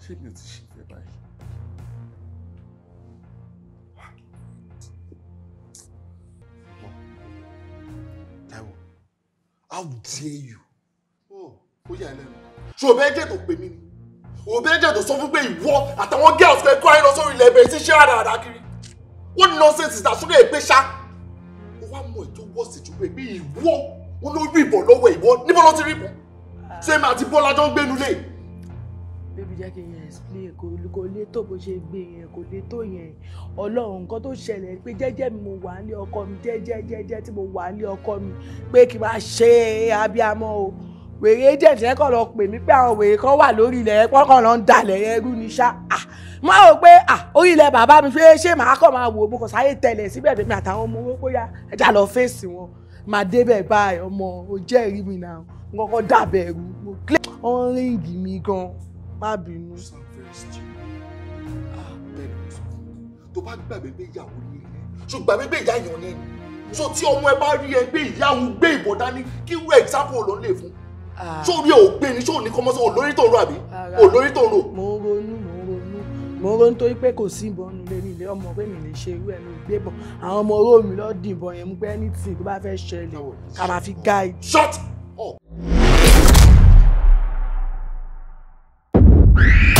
ṣé mi ò ti ṣe fẹ́ báyìí. how dare you. Oh, ó yà ẹ́ lẹ́nu ṣòbẹ́jẹ̀ tó pè mí ni òbẹ́jẹ̀ tó sọ fún pé ìwọ àtàwọn girls fẹ́ kọ́ ẹ lọ sórí ilẹ̀ ẹ̀bẹ̀ sí ṣé àdàdà kiri what nonsense is that sórí ẹ̀ pé ṣá ó wá mọ ètò wọ́ọ̀sì tó pé bí ìwọ olórí ìbọn lọ́wọ́ ìwọ níbo ló ti rí ìbọn ṣé màá ti bọ́lá jọ ń gbénu lé bébí jẹ́ kí n yẹn explain kò kò lè tó bó ṣe gbé yẹn kò lè tó yẹn ọlọ́run nǹkan tó ṣẹlẹ̀ pé jẹ́jẹ́ mi mo wà nílé ọkọ mi jẹ́jẹ́jẹ́jẹ́ tí mo wà nílé ọkọ mi pé kí n máa ṣe abiyamọ o wèrè agent yẹn kàn lọ pè mí pé àwọn wèrè kan wà lórí ilẹ̀ yẹn pọ́n lọ ń dalẹ̀ yẹn rú ni ṣá mo rò pé orí ilẹ̀ bàbá mi fẹ́ ṣé màá kàn máa wò ó mo sáyé tẹ̀lẹ̀ síbẹ̀ mi àtàwọn ọmọ owó bóyá ẹja lọ fèsì wọn máa débẹ̀ báyìí ọmọ ò jẹ́rìí mi náà kọ́kọ́ dàbẹ̀ ẹ̀rù mo kílẹ̀ ọ́n ríǹgì mi gan-an má bínú. Ah, tó bá gbàgbé ìyàwó ni ẹ ṣùgbọ́n gbàgbé ìyá èèyàn ni so tí ọmọ ẹ bá rí ẹ gbé ìyáwó gbé ìbọn dání kí irú ẹ̀xápù ò lè fún sórí ah. ògbé ni sóò ní kọ́mọ́sọ́ olórí tó rò àbí olórí tó rò. mo ronú mo ronú mo ronú torí pé kò sí ìbọn nulẹ̀ mi ọmọ pé mi lè ṣe irú ẹ̀ ló gbé bọ̀ àwọn ọmọ oró mi lọ́ọ́ dìbọn yẹn mú pé anything tó Thank you.